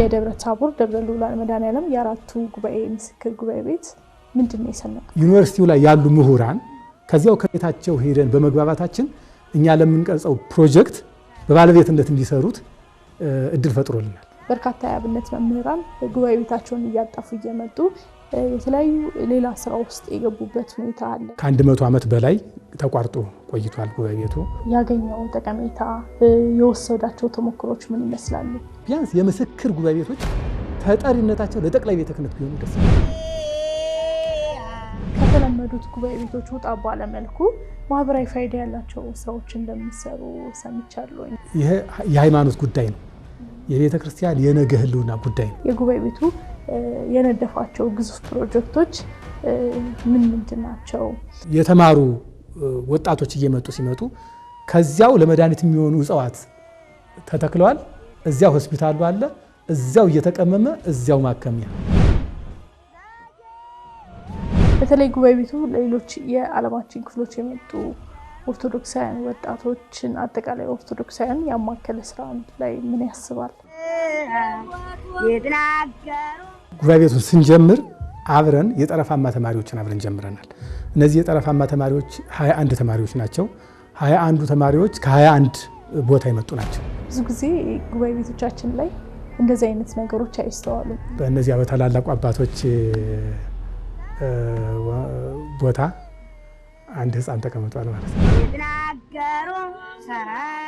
የደብረ ታቦር ደብረ ልዑላን መድኃኔዓለም የአራቱ ጉባኤ ምስክር ጉባኤ ቤት ምንድን ነው ዩኒቨርሲቲው ላይ ያሉ ምሁራን ከዚያው ከቤታቸው ሄደን በመግባባታችን እኛ ለምንቀርጸው ፕሮጀክት በባለቤትነት እንዲሰሩት እድል ፈጥሮልናል። በርካታ የአብነት መምህራን ጉባኤ ቤታቸውን እያጣፉ እየመጡ የተለያዩ ሌላ ስራ ውስጥ የገቡበት ሁኔታ አለ። ከአንድ መቶ ዓመት በላይ ተቋርጦ ቆይቷል። ጉባኤ ቤቱ ያገኘው ጠቀሜታ፣ የወሰዳቸው ተሞክሮች ምን ይመስላሉ? ቢያንስ የምስክር ጉባኤ ቤቶች ተጠሪነታቸው ለጠቅላይ ቤተ ክህነት ቢሆኑ ደስ ከተለመዱት ጉባኤ ቤቶች ውጣ ባለመልኩ ማህበራዊ ፋይዳ ያላቸው ስራዎች እንደሚሰሩ ሰምቻለሁ። ይሄ የሃይማኖት ጉዳይ ነው። የቤተ ክርስቲያን የነገ ህልውና ጉዳይ ነው። የጉባኤ ቤቱ የነደፋቸው ግዙፍ ፕሮጀክቶች ምን ምንድን ናቸው? የተማሩ ወጣቶች እየመጡ ሲመጡ ከዚያው ለመድኃኒት የሚሆኑ እጽዋት ተተክለዋል። እዚያው ሆስፒታሉ አለ። እዚያው እየተቀመመ እዚያው ማከሚያ። በተለይ ጉባኤ ቤቱ ለሌሎች የዓለማችን ክፍሎች የመጡ ኦርቶዶክሳውያን ወጣቶችን አጠቃላይ ኦርቶዶክሳውያን ያማከለ ስራ ላይ ምን ያስባል? ጉባኤ ቤቱን ስንጀምር አብረን የጠረፋማ ተማሪዎችን አብረን ጀምረናል። እነዚህ የጠረፋማ ተማሪዎች 21 ተማሪዎች ናቸው። 21ዱ ተማሪዎች ከ21 ቦታ የመጡ ናቸው። ብዙ ጊዜ ጉባኤ ቤቶቻችን ላይ እንደዚህ አይነት ነገሮች አይስተዋሉም። በእነዚያ በታላላቁ አባቶች ቦታ አንድ ህፃን ተቀምጧል ማለት ነው።